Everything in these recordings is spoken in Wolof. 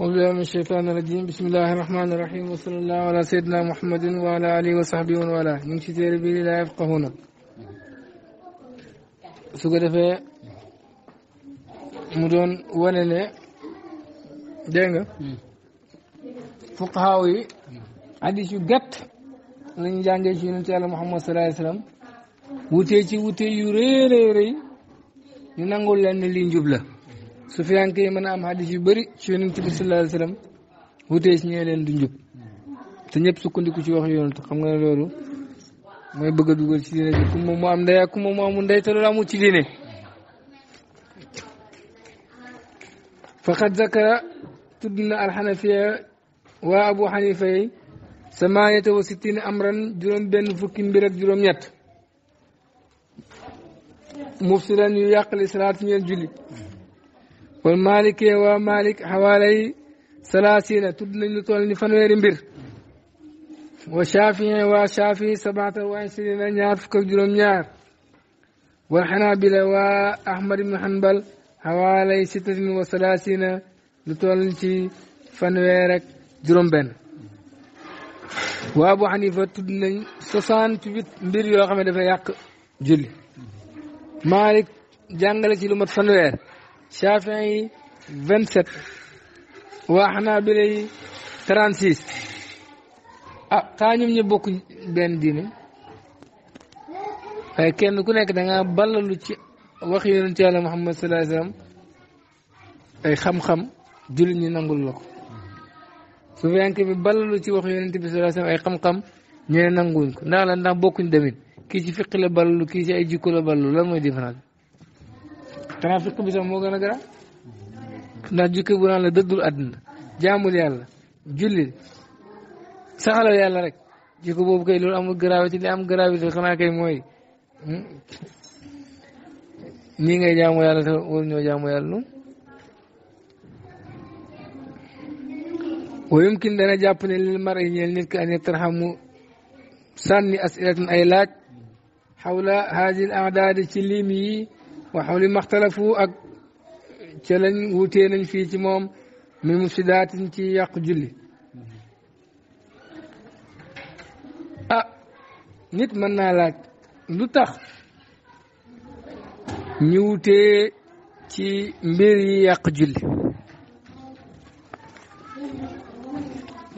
وبالله من الشيطان الرجيم بسم الله الرحمن الرحيم وصلى الله على سيدنا محمد وعلى اله وصحبه وعلى من شتير به لا يفقهون سوغد في مدون ولن دينغ فقهاوي حديث جت لن جانجي شي نتي الله محمد صلى الله عليه وسلم ووتي ووتي يري ري ري ننغول لن لي نجبله sufiyanke yi mën a am xadis yu bari ci yonent bi sallallahu alayhi wasallam wutee si ñee leen du njub te ñëpp sukkandiku ci wax yonent xam nga ne loolu mooy bëgg a ci diine bi ku moom mu am ndey ak ku ci diine faqad zakara tudd na alxanafiya waa abu xanifa yi samaaniyata wa sittina amran juróom benn fukki mbir ak juróom yu yàq li salaat ñeel والمالكية ومالك حوالي ثلاثين تدل نتول نفنوير بير وشافي وشافي سبعة وعشرين نيار فكر جلوم نيار والحنابلة وأحمد بن حنبل حوالي ستة وثلاثين نتول نتي فنويرك بن وابو حنيفة تدلن سوسان تبت بير يوغم دفا xam مالك dafa yàq julli Chafin yi vingt waa xanaa yi trente six ah xaa ñoom ñu bokk benn diine waaye kenn ku nekk da nga ballalu ci wax yonent yàlla Muhammad sallallahu alayhi wasallam ay xam-xam jullit ñi nangul la ko su fekkee bi ballalu ci wax yonent bi sallallahu alayhi ay xam-xam ñeneen nanguwuñ ko ndax la ndax bokkuñ damit kii ci fiq la ballalu kii ci ay jikko la ballalu lan mooy différence trafic bi moo gën a garaaw ndax jukki bu naan la dëddul àddina jaamul yàlla julli saxalal yàlla rek jikko boobu kay loolu amul gravité li am gravité xanaa kay mooy hmm? ñii ngay jaamu yàlla ñoo jaamu yàlla lu wa yumkin dana jàpp ne lil mar ñeel nit ki an yetarxamu sànni asilatun ay laaj xawla haadil aadaadi ci lim waxaw li maxtalafu ak ca lañ nañ fii ci moom mi mufsidaatin ci yàq julli ah, nit mën naa laaj lu tax ñu wutee ci mbir yi yàq julli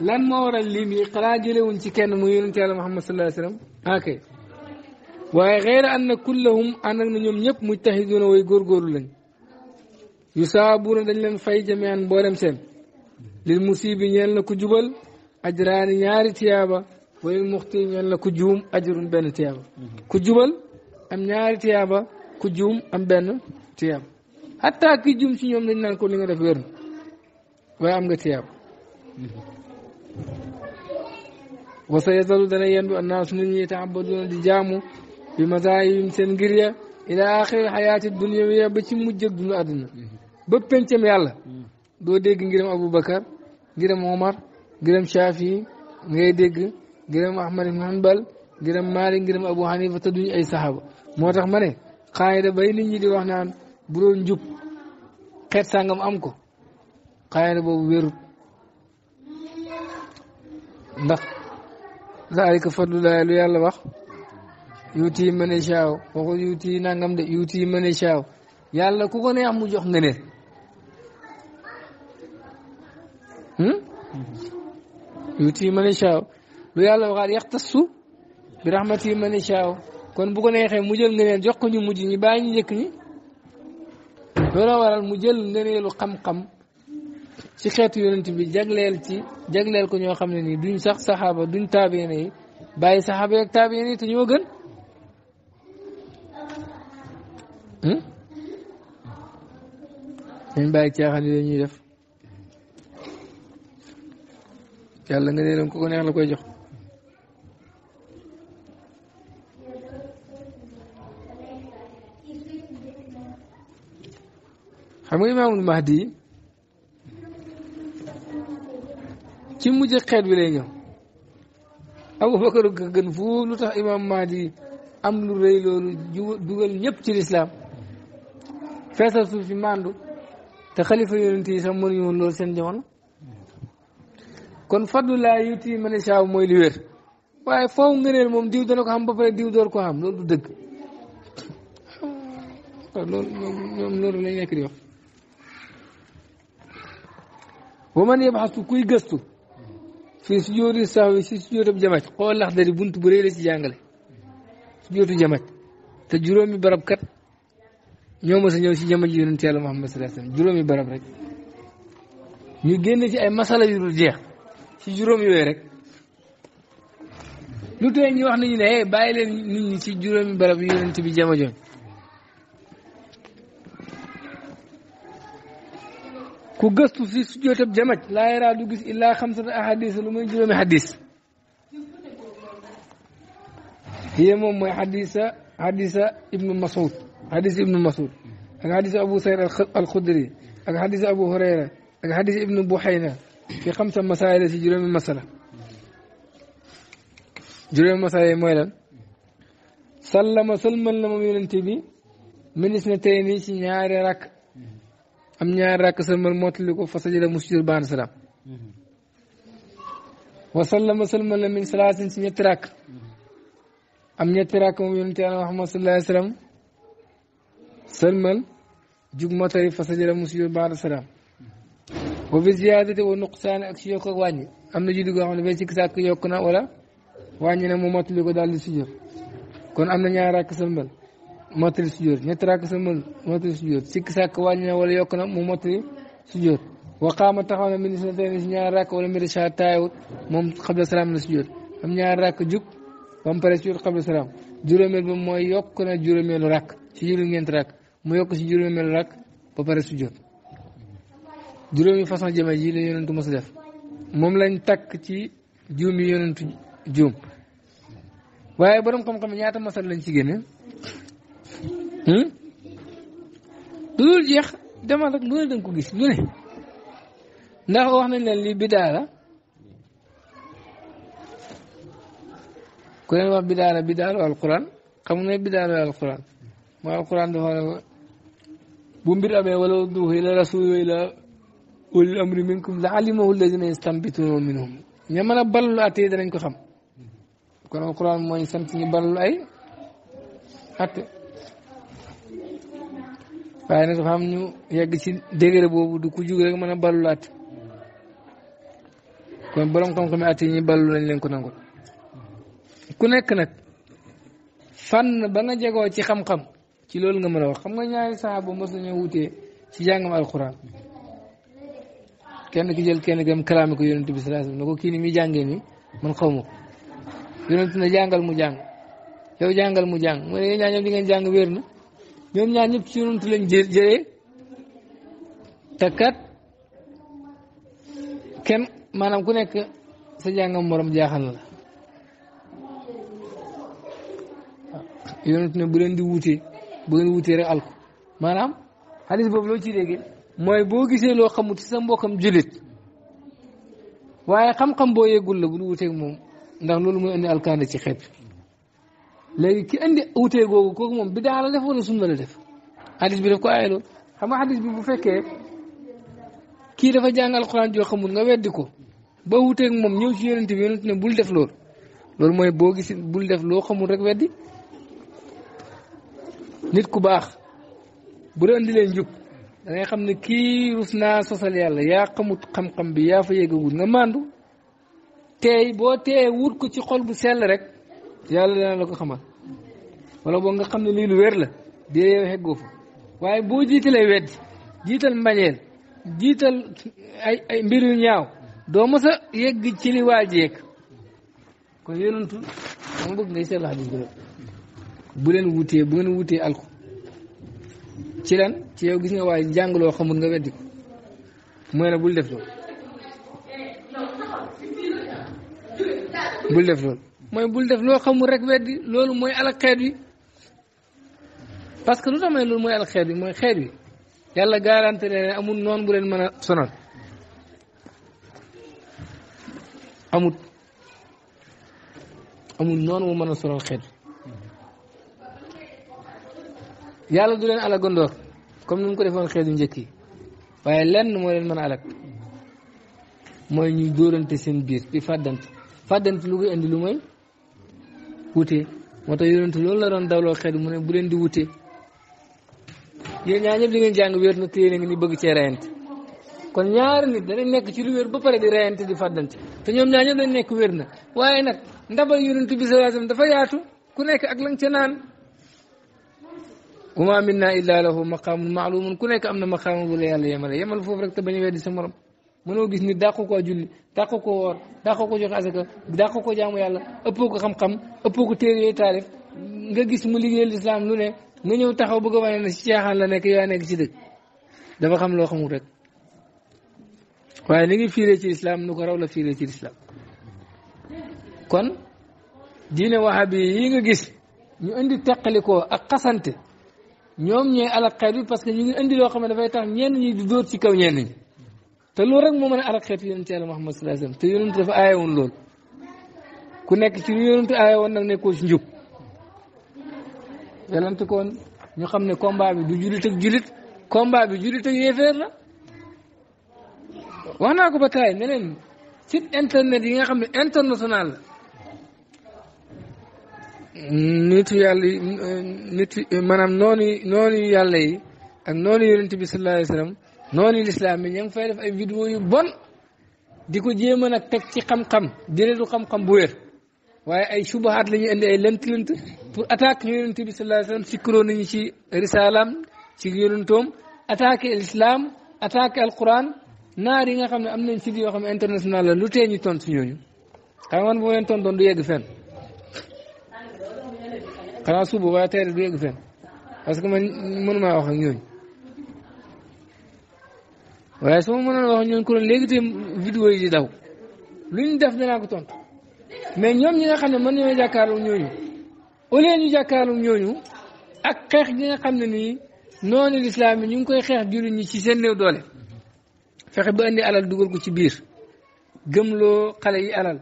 lan moo waral lim yi xanaa jëlewuñ ci kenn mu yonent Yàlla Muhammad sallallahu alayhi wa ok waaye xeera an na kullahum ànd ak na ñoom ñëpp mujtahiduuna way góorgóorlu lañ yusaabuuna dañ leen fay jamean mboolem seen lil musibi ñeen la ko jubal ajraani ñaari tiyaaba wala muxti ñeen la ku juum ajrun benn tiyaaba ku jubal am ñaari tiyaaba ku juum am benn tiyaaba xataa ki juum ci ñoom dañ naan ko li nga def wér waaye am nga tiyaaba wasa yazalu dana yendu annaas nit ñi taabaduuna di jaamu bi ma seen ngir ya ila axiri xayaati dunyawiya ba ci mujj ak dund àdduna ba pencam yàlla doo dégg ngiram Aboubacar ngiram Omar ngiram Shafi ngay dégg ngiram Ahmad ibn Hanbal ngiram Malik ngiram Abu Hanifa te duñ ay saxaaba moo tax ma ne xaayida bay nit di wax naan bu doon njub xeet sàngam am ko xaayida boobu wérut ndax zaalika fadlullahi lu yàlla wax yuuti man yashaaw waxul yuuti nangam de yuuti man yashaaw yàlla ku ko neex mu jox nga ngëneel hmm? yuuti man yashaaw lu yàlla waxaat yaxtassu bi rahmati man yashaaw kon bu ko neexee mu jël ngëneel jox ko ñu mujj ñi bàyyi ñu njëkk ñi looloo waral mu jël ngëneelu xam-xam ci xeetu yonent bi jagleel ci jagleel ko ñoo xam ne nii duñ sax saxaaba duñ taabeene yi bàyyi saxaaba yeeg taabeene yi te ñoo gën Hmm? dañ bàyyi caaxaan yi dañuy def yàlla nga neelam ku ko neex la koy jox xam nga imaamul mahdi yi ci mujj xeet bi lay ñëw abubakar ko gën foofu am lu rëy loolu dugal ñëpp ci lislaam feesal suuf si màndu te xalifa yonent yi sax mënuñu woon loolu seen jamono kon faddu laa yuti man a mooy li wér waaye foofu ngëneel moom diw dana ko xam ba diw door ko xam loolu du dëgg loolu ñoom loolu lañ nekk di wax wa man yabxasu kuy gëstu fii su jóotu sax wi si su jóotab jamaj xool lax dari bunt bu rëy la ci jàngale su jóotu jamaj te juróomi barab kat ñoo mos a ñëw si jëmm ji yonent yàlla Muhammad sallallahu barab rek ñu génn ci ay masala yu dul jeex ci juróom yooyu rek lu tee ñu wax nañu ne bàyyi leen nit ñi ci juróomi barab yi yonent bi jama joon ku gëstu si sujjootab jamaj laa yaraa du gis illaa xamsata ahadis lu muy juróomi hadis hiya moom mooy hadisa hadisa ibnu Mas'ud حديث ابن مسعود اك حديث ابو سعيد الخدري اك حديث ابو هريره اك حديث ابن بحينه في خمسه مسائل في جرم المساله جرم المساله مولا سلم سلم لما يلنتي بي من اثنتين في نهار رك ام نهار رك سلم الموت لكو فسجد مسجد بان سلام وسلم سلم لما من ثلاث سنين ترك ام نترك يلنتي على محمد صلى الله عليه وسلم sëlmal jug matari fa sajada mu sujud baada salaam wa bi ziyaadati wa nuqsaani ak si yokk ak am na julli goo xam ne bay sikk sàkk yokk na walla wàññi na moo mottali ko daal di kon am na ñaari rakk sëlmal mottali sujud ñetti rakk sëlmal mottali sujud sikk sàkk wàññi na wala yokk na moo mottali sujud wa qaama taxaw na min sunnatin si ñaari rakk wala mbiri saa taayawut moom xabla salaam la sujud am ñaari rakk jug ba mu pare sujud xabla salaam juróomeel ba yokk na juróomeelu rakk si julli ñeenti mu yokk si juróomeel rakk ba pare su jot juróomi façon jëme yi la yonentu mos def moom lañ takk ci juumi yonentu juum waaye borom xam-xam ñaata masal lañ ci génne hmm? lu dul jeex demal rek lu ne danga ko gis lu ne ndax wax nañ leen lii bidaa la ku wax bidaa la bidaa xam nga ne bidaa la alquran mooy alquran bu mbir amee wala udduhu ila la wa ila ulil amri minkum la alimahu alladina yastanbitunahu minhum ña mën a ballu atte yi danañ ko xam kon alquran mooy sant ñu ballu ay atte waaye dafa am ñu yegg ci degré boobu du ku jug rek mën a ballu atte kon borom nañ leen ko nangul ku nekk nag fànn ba nga jegoo ci xam-xam ci lol nga mëna wax xam nga ñaari saxaaba mësu ñu wuté ci jangam alquran kenn ki jël kenn gam kalam ko yoonte bi sallallahu alayhi wasallam nako ki ni mi jangé ni man xawmu yoonte na jangal mu jang yow jangal mu jang mo ñaan yéen di ngeen jang wërna ñoom ñaan ñep ci yoonte lañ jë takat kenn manam ku nekk sa jangam morom jaaxal la yoonte na bu len di wuté bu wutee rek alko maanaam xadis boobu loo ci léegi mooy boo gisee loo xamut ci sa mbokkam jullit waaye xam-xam boo yeggul la bu ñu moom ndax loolu mooy indi alkaande ci xeet léegi ki indi wutee googu kooku moom bidaa la def wala sunna la def xadis bi daf ko aaye loolu xam bi bu fekkee kii dafa jàng alxuraan joo xamul nga weddi ko ba wuteeg moom ñëw ci yonent bi yonent ne bul def loolu loolu mooy boo gis bul def loo xamul rek weddi nit ku baax bu la andi leen njub da xam ne kii rus naa sosal yàlla yaa xamut xam-xam bi yaa fa yëgagul nga màndu teey boo teeyee wut ko ci xol bu sell rek yàlla na la ko xamal walla boo nga xam ne lii lu wér la dee yow xeggoo fa waaye boo jiitalee weddi jiital mbañeel jiital ay mbir yu ñaaw doo mës a yegg ci li waa jeeg kon yonentu dama bëgg ngay seetlu xadis bi bu leen wutee bu ngeen wutee alku ci lan ci yow gis nga waaye jàngaloo xamul nga weddi ko mooy la bul def loolu bul def loolu mooy bul def loo xamul rek loolu mooy alal xeet wi parce que lu tamay loolu mooy alal xeet wi mooy xeet wi yàlla garanti ne amul noon bu leen mën a sonal amut amul noonu mu mën a sonal xeet wi yàlla du leen alagandoor comme ni mu ko defoon xeetu njëkk yi waaye lenn moo leen mën alag mooy ñuy dóorante seen biir di fàddante fàddante lu indi lu mooy wute moo tax yonent loolu la doon dawloo xeet mu ne bu leen di wute yéen ñaar ñëpp di ngeen jàng wér na te bëgg cee reyante kon ñaari nit danañ nekk ci lu ba pare di reyante di fàddante te ñoom ñaar ñëpp dañ nekk wér na waaye nag ndabal yonent bi sallallahu alayhi dafa yaatu ku nekk ak la ca naan wa ma minna illa lahu maqaamun maalumun ku nekk am na maqaama bu la yàlla yemale yemal foofu rek te bañ a weddi sa morom gis ni dàqu koo julli dàqu ko woor dàqu ko joxe asaka dàqu ko jaamu yàlla ëppoo ko xam-xam ëppoo ko téere yooyu taalif nga gis mu liggéeyal lislaam lu ne nga ñëw taxaw bëgg a wane ne si caaxaan la nekk yaa nekk ci dëkk dafa xam loo xamul rek waaye li ngi fiiree ci lislaam nu ko la ci lislaam kon diine wahabi yi nga gis ñu indi teqalikoo ak xasante ñoom ñooy alak xeet bi parce que ñu ngi indi loo xam ne dafay tax ñenn ñi di dóor ci kaw ñenn ñi te loolu rek moo mën a alak xeet yonent yàlla Muhammad sallallahu alayhi wasallam te yonent dafa aaye woon loolu ku nekk ci lu yonent aaye woon nag nekkoo ci njub yonent ñu xam ne combat bi du julit ak julit combat bi julit ak yéeféer la wax naa ko ba taay ne leen internet yi nga xam ne international la nitu yàlla yi nit maanaam noonu noonu yàlla yi ak noonu yonent bi sallallahu alayhi wa sallam noonu lislaam bi ña ngi fay def ay vidéo yu bon di ko jéem a nag teg ci xam-xam jëlee du xam-xam bu wér waaye ay subahaat la ñuy indi ay lënt-lënt pour attaque yonent bi sallallahu alayhi wa sallam sikkuroo nañu ci risalaam ci yonentoom attaqué l'islam attaqué alquran naar yi nga xam ne am nañ site yoo xam ne international la lu tee ñu tontu ñooñu xam nga man bu ma leen tontoon du yegg fenn. xanaa suba waaye tey du yegg fenn parce que man mënumaa wax ak ñooñu waaye su ma mënoon wax ak ñooñu kuréel léegi tey vidéo yi di daw lu ñu def danaa ko tontu mais ñoom ñi nga xam ne mën ñoo jàkkaarloo ñooñu au ñu jàkkaarloo ñooñu ak xeex gi nga xam ne nii noonu lislaam yi ñu ngi koy xeex jullit ñi ci seen néew doole fexe ba indi alal dugal ko ci biir gëm loo xale yi alal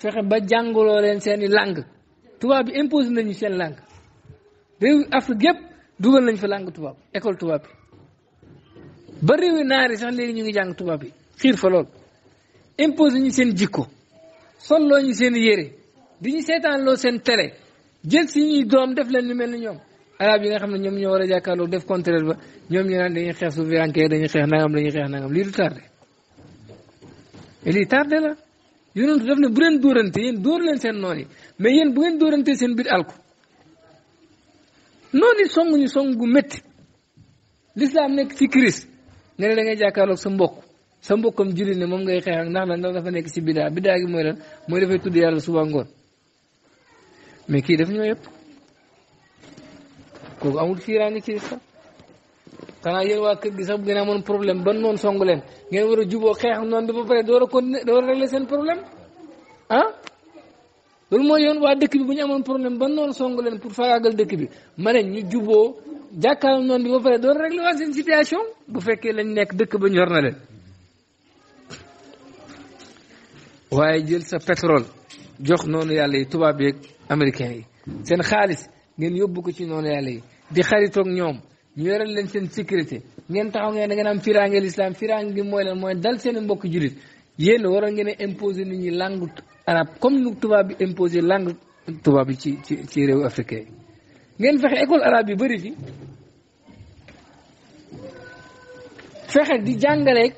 fexe ba jàngaloo leen seeni làng tubaab bi imposé nañu seen langue réew Afrique yëpp dugal nañ fa langue tubaab école tubaab bi ba réewi naar yi sax léegi ñu ngi jàng tubaab bi xiir fa lool imposé ñu seen jikko solloo ñu seen yére di ñu seetaanloo seen télé jël si ñuy doom def leen lu mel ni ñoom arab yi nga xam ne ñoom ñoo war a jàkkaarloo def contraire ba ñoom ñu naan dañuy xeex suuf bi dañuy xeex nangam dañuy xeex nangam lii du tardé lii tardé la. yonentu daf bu leen dóorante yéen seen noon mais yéen bu ngeen dóorante seen biir alku noonu yi song ñu song gu métti lislaam ne da ngay jàkkaarloog sa mbokk sa mbokkam jullit ne moom ngay xeex ak ndax nag dafa nekk si bidaa bidaa gi mooy lan mooy dafay tudd yàlla suba ngoon mais kii daf ñoo yëpp kooku amul fiiraangi ci lislaam xanaa yéen waa kër gi sax bu ngeen amoon problème ban noonu songu leen ngeen war a juboo xeex noonu bi ba pare door a continuer a régler seen problème ah loolu mooy yoon waa dëkk bi bu ñu amoon problème ban noonu songu leen pour faagaagal dëkk bi ma ne ñu juboo jàkkaarloo noonu bi ba pare door a régler waa seen situation bu fekkee lañ nekk dëkk ba ñor na leen waaye jël sa pétrole jox noonu yàlla yi tubaab yeeg américains yi seen xaalis ngeen yóbbu ko ci noonu yàlla di xaritoog ñoom ñu yoral leen seen sécurité ngeen taxaw ngeen da ngeen am firange l'islam firange bi mooy lan mooy dal seen mbokk julit yéen waroon ngeen a imposer nit ñi langue arabe comme nu tubaab bi imposer langue tubaab bi ci ci ci réew africain ngeen fexe école arabe yi bëri fi fexe di jàngaleeg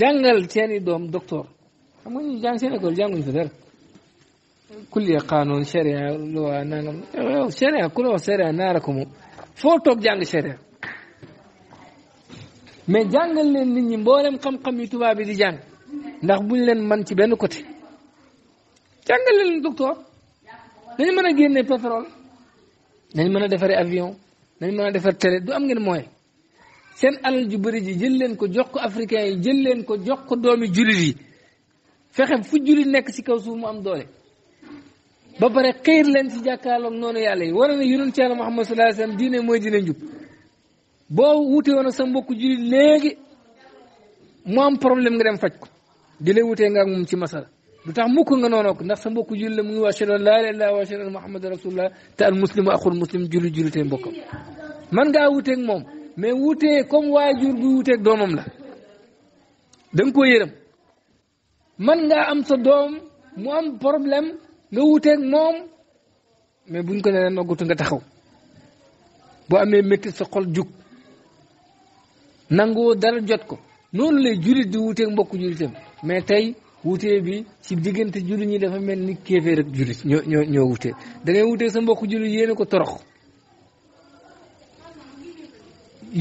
jàngal seeni doom docteur xam nga ñu jàng seen école jànguñu fa dara kulliya qaanuun sharia luwa sharia ku la wax sharia naara ko moom foo toog jàng séeréer mais jàngal leen nit ñi mboolem xam-xam yi tubaab yi di jàng ndax ñu leen man ci benn côté jàngal leen docteur dañu mën a génne pétrole dañ mën a defaree avion dañ mën a defar télé du am ngeen mooy seen alal ju bëri ji jël leen ko jox ko africain yi jël leen ko jox ko doomi jullit yi fexe fu jullit nekk ci kaw suuf mu am doole ba pare xëyir leen ci jàkkaarloog noonu yàlla yi waroon na yonent yàlla Muhammad sallallahu alayhi wa sallam diine mooy dina njub boo wute woon sa mbokku jullit am problème nga dem faj ko di lay wutee nga ak moom ci masala du tax mukk nga noonoo ko ndax sa mbokku jullit la mu ngi wax ashhadu an laa ilaaha illallaah wa ashhadu anna Muhammadan rasulullah te al muslimu man ngaa wuteeg moom mais wutee comme waajur bu wuteeg la da nga koo yërëm am sa doom mu am problème. nga wuteeg moom mais buñ ko nee noggutu nga taxaw boo amee métti sa xol jug nangoo dara jot ko noonu lay julit di wuteeg mbokku julitam mais tey wutee bi ci diggante jullit ñi dafa mel ni kéeféer ak jullit ñoo ñoo ñoo wutee da ngay wuteeg sa mbokku jullit yéene ko torox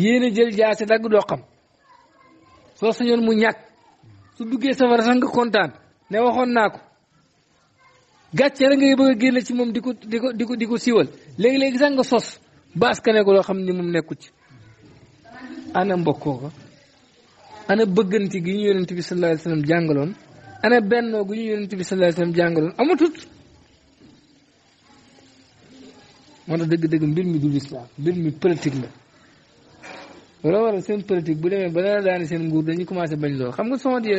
yéene jël jaase dagg doo xam soo sañoon mu ñàkk su duggee safara sax nga kontaan ne waxoon naa ko gàcce la ngay bëgg a génne ci moom di ko di ko di ko di ko siiwal léegi-léegi sax nga sos ba askane loo xam ni moom nekku ci ana mbokkoo ko ana bëggante gi ñu yonent bi sallallahu alayhi wasallam jàngaloon ana bennoo gi ñu yonent bi sallallahu alayhi wasallam jàngaloon amatut moo tax dëgg-dëgg mbir mi du lislaam mbir mi politique la loolu waral seen politique bu demee ba dana daani seen nguur dañuy commencé bañ loolu xam nga soo di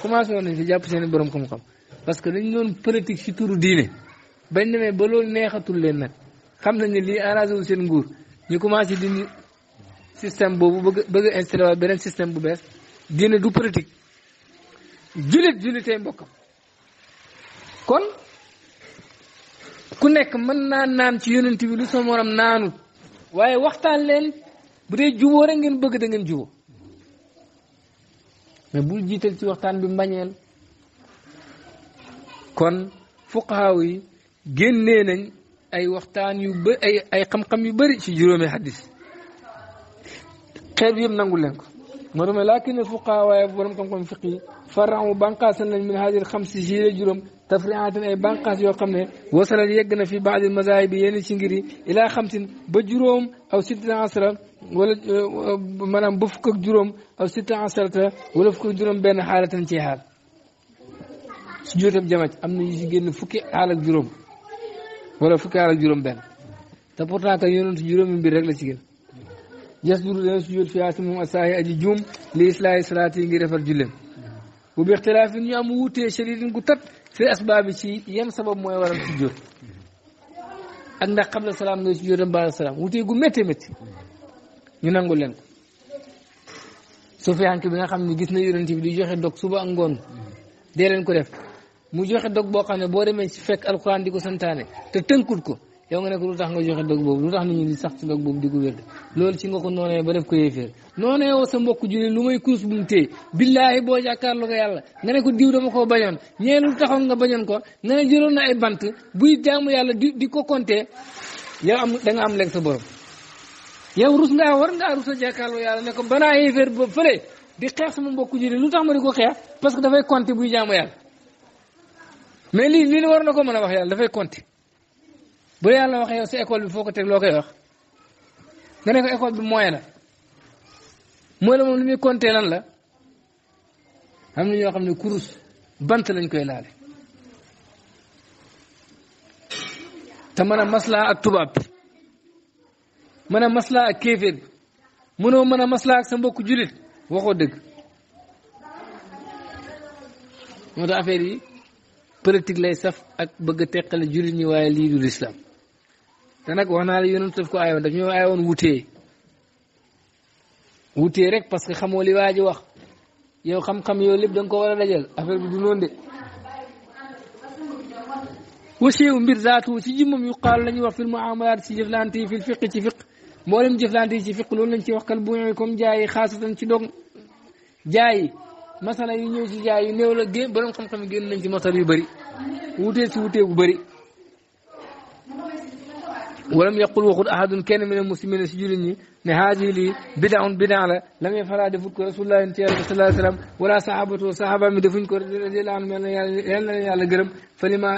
commencé woon nañ fi jàpp seen borom xam-xam parce que dañu doon politique ci turu diine bañ demee ba loolu neexatul leen nag xam nañ ne lii arrangé wu seen nguur ñu commencé dindi système boobu bëgg bëgg a installé bu bees diine du politique jullit jullitee mbokkam kon ku nekk mën naa naan ci yonent bi lu sama waaye waxtaan leen bu dee jubóo rek ngeen bëgg da ngeen jubóo mais bul jiital ci waxtaan bi mbañeel kon fuqaaw yi génnee nañ ay waxtaan yu bë ay ay xam-xam yu bëri ci juróomi xaddis xeet yëpp nangul leen ko moo dama laakin ne fuqaa waaye borom xam-xam fiq yi faraxu banqaasan nañ min hadir xamsi si la juróom tafriaatan ay banqaas yoo xam ne wasalal yegg na fi baadi mazaahib bi yenn ci ngiri ilaa xamsin ba juróom aw sitta asra wala maanaam ba fukk ak juróom aw sitta asarata wala fukk ak juróom benn xaalatan ci xaal sujjóotam jamaj am na ñu si génn fukki aal ak juróom wala fukki aal juróom benn te pourtant que yonent juróomi mbir rek la ci gën yasjudu dana sujjóot fi aasi moom aji juum li islaahi salaat ngi defar jullem bu bi ixtilaaf ñu am wuutee shadidin gu tat fi asbaab yi ci yan sabab mooy waral sujjóot ak ndax qabla salaam ngay sujjóotam baada salaam wuutee gu méttee métti ñu nangul leen ko su fi bi nga xam ne gis na yonent bi di joxe dog suba ak ngoon dee leen ko def mu joxe dog boo xam ne boo demee ci fekk alxuraan di ko santaane te tënkut ko yow nga nekk lu tax nga joxe dog boobu lu tax nit ñi di sax ci dog boobu di ko wér loolu ci nga ko noonee ba def ko yéeféer noonee yow sa mbokk julli lu may kurus bu mu téye billaahi boo jàkkaarloo ko yàlla nga ne ko diw dama koo bañoon ñee lu taxoon nga bañoon ko nga jëloon na ay bant buy jaamu yàlla di di ko compter yow am da am lekk sa borom yow rus war ngaa rus a jàkkaarloo yàlla ne ko banaa yéeféer boobu fële xeex sama mbokk julli lu tax ma di ko xeex parce que dafay compter buy jaamu yàlla mais lii lii war na ko mën a wax yàlla dafay compter bu yàlla waxee yow sa école bi foo ko teg loo koy wax nga ne ko école bi moyen la mooy la moom lu muy compter lan la am na ñoo xam ne kurus bant lañ koy laale te mën a maslaa ak tubaab bi mën a maslaa ak kéeféer bi mënoo mën a maslaa ak sa mbokku jullit waxoo dëgg moo tax affaire yi politique lay saf ak bëgg a teqale jullit ñi waaye lii du lislam te nag wax naa la yonent daf ko aayoon daf ñoo aayoon wutee wutee rek parce que xamoo li waa wax yow xam-xam yow lépp da ko war a dajal affaire bi du noonu de waseewu mbir zaatu ci jëmmam yu qaal lañu wax fil muamalat ci jëflante yi fil fiq ci fiq mboolem jëflante yi ci fiq loolu lañ ci wax kal buñu comme jaay xaasatan ci dog jaay masala yi ñëw ci jaay yu néew la gén borom xam-xam yi génn nañ ci masala yu bëri wutee ci wutee bu bëri walam yaqul waxut ahadun kenn min al muslimina si jullit ñi ne haadi lii bidaun bidaa la lam yafalaa defut ko rasulullah ci yàlla sallallahu alayhi wasallam wala sahabatu sahaba mi defuñ ko radiyallahu anhu yàlla yàlla na yàlla gërëm fa li ma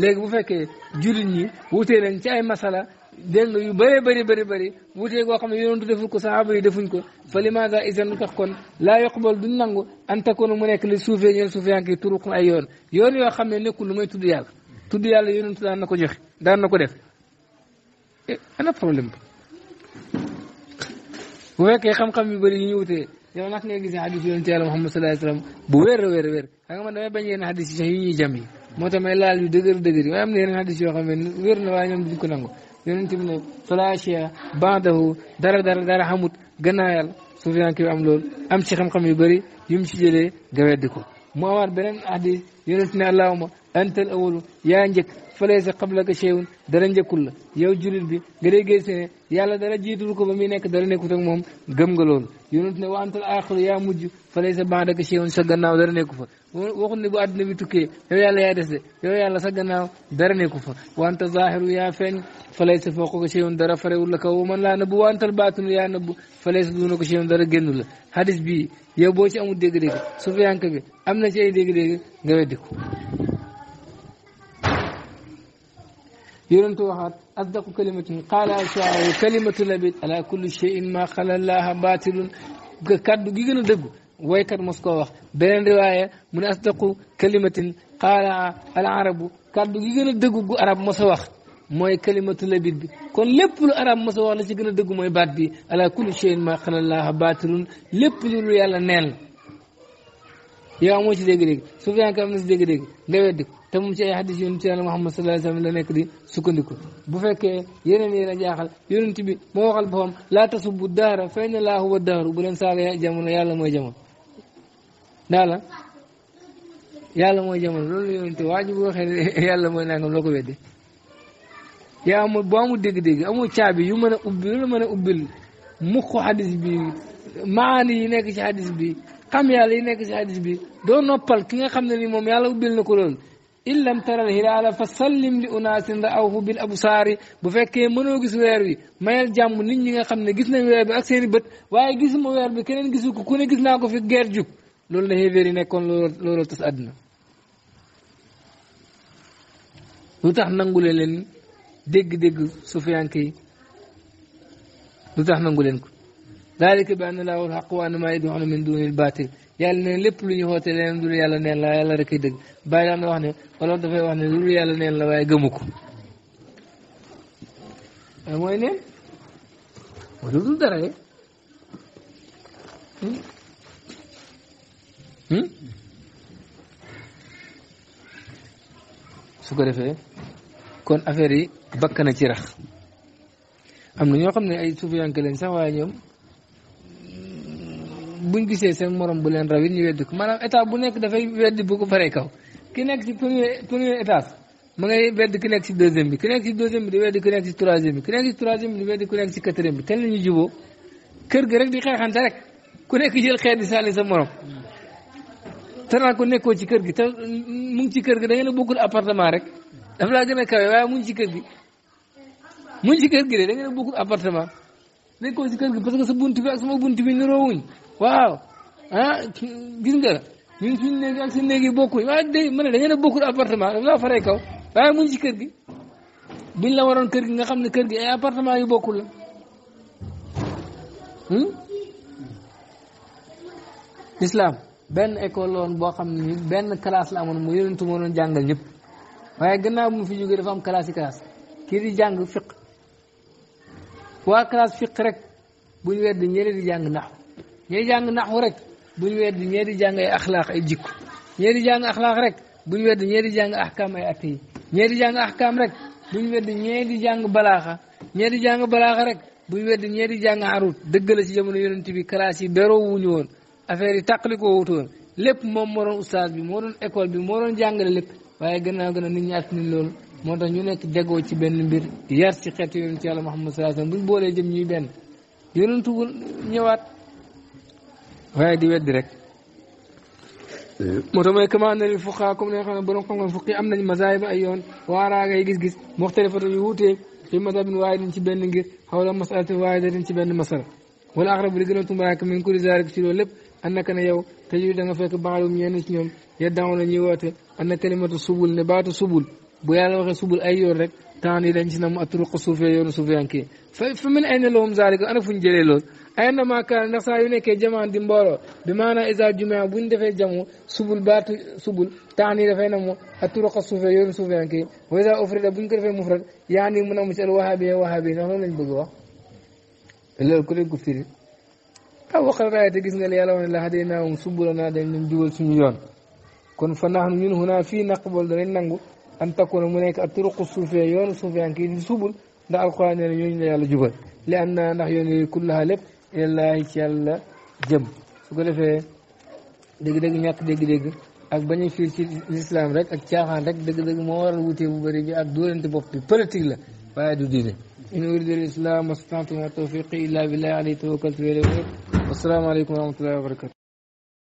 léegi bu fekkee jullit ñi wutee nañ ci ay masala dégg nga yu bëree bëri bëri bëri wuutee goo xam ne yonentu deful ko sahaaba yi defuñ ko fa limaada isan tax kon laa yoqbal duñ nangu an takoonu mu nekk li suufee ñeen suufeyanki yoon yoon yoo xam ne nekkul lu may tudd yàlla tudd yàlla yonentu daan na ko joxe daan na ko def eh, ana problème bi bu fekkee xam-xam ñu wutee yow nag ngay gis xadis yonentu yàlla Muhammad sallallahu a a wér xam nga man damay bañ yenn xadis yi sax yu ñuy jam moo tax may laal yu dëgër dëgër yi waaye am na xadis yoo xam ne wér na waaye ñoom duñ ko nangu يونتي من فلاشيا بعده دار دار دار حمود غنايل سوفيان كي ام لول ام شي خم خم يبري يمشي جلي غويد ديكو مو امر بنن حديث يونتي الله antal awalu yaa njëkk falaysa qablaka shay'un dara njëkkul la yow jullit bi nga dee gis yàlla dara jiitul ko ba muy nekk dara nekkut ak moom gëm nga loolu yonent ne wa antal axiru yaa mujj falaysa ba'daka shay'un sa gannaaw dara nekku fa waxut ne bu àdduna bi tukkee yow yàlla yaa des de yow yàlla sa gannaaw dara nekku fa wa anta zaahiru yaa feeñ falaysa fawqaka shay'un dara farewul la kaw man laa nëbbu wa antal baatinu yaa nëbbu falaysa duunaka shay'un dara génnu la hadis bi yow boo ci amul dégg-dégg su fiyank bi am na ci ay dégg-dégg nga ko يرنتو واحد أصدق كلمة قال شاعر كلمة لبيت على كل شيء ما خلى الله باطل كاد جيجن دب ويكاد مسكوا بين رواية من أصدق كلمة قال العرب كاد جيجن دب عرب مسوا موي كلمة لبيت كون لب العرب مسوا لسجن دب موي بعد على كل شيء ما خلى الله باطل لب لرويال نال yow amoo ci dégg-dégg Sufyaan ka am na si dégg-dégg nga weddi te moom ci ay xadis yonent ci yàlla Muhammad sallallahu alayhi wa sallam nekk di sukkandiku bu fekkee yeneen yéen a jaaxal yonent bi moo waxal boppam laa tasubbu daara fa bu leen saaga jamono yàlla mooy jamono daa la mooy jamono loolu yonent waa ji bu waxee yàlla mooy nangam loo ko weddi yaa amul boo amul dégg-dégg amul caabi yu mën a ubbi lu mën a ubbil mukk xadis bi maani yi nekk ci xadis bi xam yàlla yi nekk ci hadis bi doo noppal ki nga xam ne ni moom yàlla ubbil na ko loolu in lam taral hilaala fa sallim li unaasin ra'awhu bil absaari bu fekkee mënoo gis weer wi mayal jàmm nit ñi nga xam ne gis nañ weer bi ak seen i bët waaye gisuma weer bi keneen gisu ko ku ne gis naa ko fi ger jug loolu la xéeféer yi nekkoon loolu loolu tas àddina lu tax nangule leen dégg-dégg tax nangu leen ko daal bi anna laahu alxaq wa anna maa yad'uuna min duuni albaatil yàlla ne lépp lu ñu xoote leneen dul yàlla neen la yàlla rek dëgg bàyyi daan wax ne wala dafay wax ne dul yàlla neen la waaye gëmu ko waaye mooy neen dul dara ye hmm? Hmm? su ko defee kon affaire yi bakk na ci rax am na ñoo xam ne ay suufiyanke lañ sax waaye ñoom buñ gisee seen morom bu leen rawit ñu weddi ko maanaam état bu nekk dafay weddi bu ko faree kaw ki nekk ci premier premier étage ma ngay weddi ki nekk ci deuxième bi ki nekk ci deuxième bi di weddi ki nekk ci troisième bi ki nekk ci troisième bi di weddi ku nekk ci bi tel la ñu kër gi rek di xeexante rek ku nekk jël xeet di sànni sa morom te naa ko nekkoo ci kër gi te mu ngi ci kër gi da ngeen a bokkul rek dafa laa gën a kawe waaye mu ngi ci kër gi mu ngi ci kër de da ngeen a bokkul appartement nekkoo si kër gi parce que sa bunt bi ak sama bunt bi niroo wuñ waaw ah gis nga ñun suñu néeg ak suñu néeg yi bokkuñ waaye day ma ne da ngeen a bokkul appartement da ngaa kaw waaye muñ si kër gi buñ la waroon kër gi nga xam ne kër gi ay yi yu la hmm? islam benn école loon boo xam ne benn classe la amoon mu yonentu moo doon jàngal ñëpp waaye gannaaw bu mu fi jógee dafa am classe yi classe kii di jàng fiq waa classe fiq rek bu ñu wedd ñee di jàng naxu ñee jàng naxu rek bu ñu wedd ñee di jàng ay axlaaq ay jikko ñee di jàng axlaaq rek bu ñu wedd ñee di jàng ahkaam ay atte yi ñee di jàng ahkaam rek bu ñu wedd ñee di jàng balaaxa ñee di jàng balaaxa rek bu ñu wedd ñee di jàng arut dëgg si ci jamono yonent bi classe yi beroo wuñu woon affaire yi ko wutoon lépp moom moo doon ustaas bi moo doon école bi moo doon jàngale lépp waaye gannaaw gën a nit ñi at loolu moo tax ñu nekk degoo ci benn mbir yar ci xeetu yonentu yàlla Muhammad sallallahu alayhi wasallam buñ boolee jëm ñuy benn yonentu ñëwaat waaye di weddi rek moo tax mooy commandeur fuqaa comme ne nga xam ne borom xam-xam fuqi am nañ mazaay ba ay yoon waaraa ngay gis-gis muxtalifatu yu wuutee fi mazhabin waahidin ci benn ngir xawla masalatin waahidatin ci benn masal wala axrabu li gënal tumbaak min kulli zalik ci loolu lépp annaka ne yow te yu da nga fekk baalum ñenn ci ñoom yeddaawna ñuy woote anna kalimatu subul ne baatu subul bu yàlla waxee subul ay yoon rek temps ni dañ si na mu atruq suufee yoonu suufiyanke yi fa fa min ay na lahum zaalika ana fu ñu jëlee loolu ay na maakaar ndax saa yu nekkee jamaan di mbooloo bi maanaam isa jumaa bu ñu defee jamu subul baatu subul temps ni dafay na mu atruq suufee yoonu suufiyanke yi wa isa ofrida bu ñu ko defee mufrad yaa ni mun a mu ci al wahaabi wahaabi ndax loolu lañ bëgg wax loolu ku leen ko firi ah waxal raaya te gis nga li yàlla wax ne la hadaynaahum subulanaa dañ leen jubal suñu yoon kon fa nahnu ñun hunaa fii naqbal danañ nangu an takkoon mu nekk ak turuqu suufee yoonu suufiyaan kii di subul ndax alquran nee na ñooñu la yàlla jubal li an naa ndax yoon yooyu kullaha lépp ilallaahi ci yàlla jëm su ko defee dëgg-dëgg ñàkk dégg-dégg ak bañu fiir ci lislaam rek ak caaxaan rek dëgg-dëgg moo waral wutee bu bëri bi ak dóorante bopp bi politique la waaye du diine in urida al islam mastatuma tawfiqi illa billahi alayhi tawakkaltu wa ilayhi wassalaamu aleykum wa rahmatullahi wa barakatu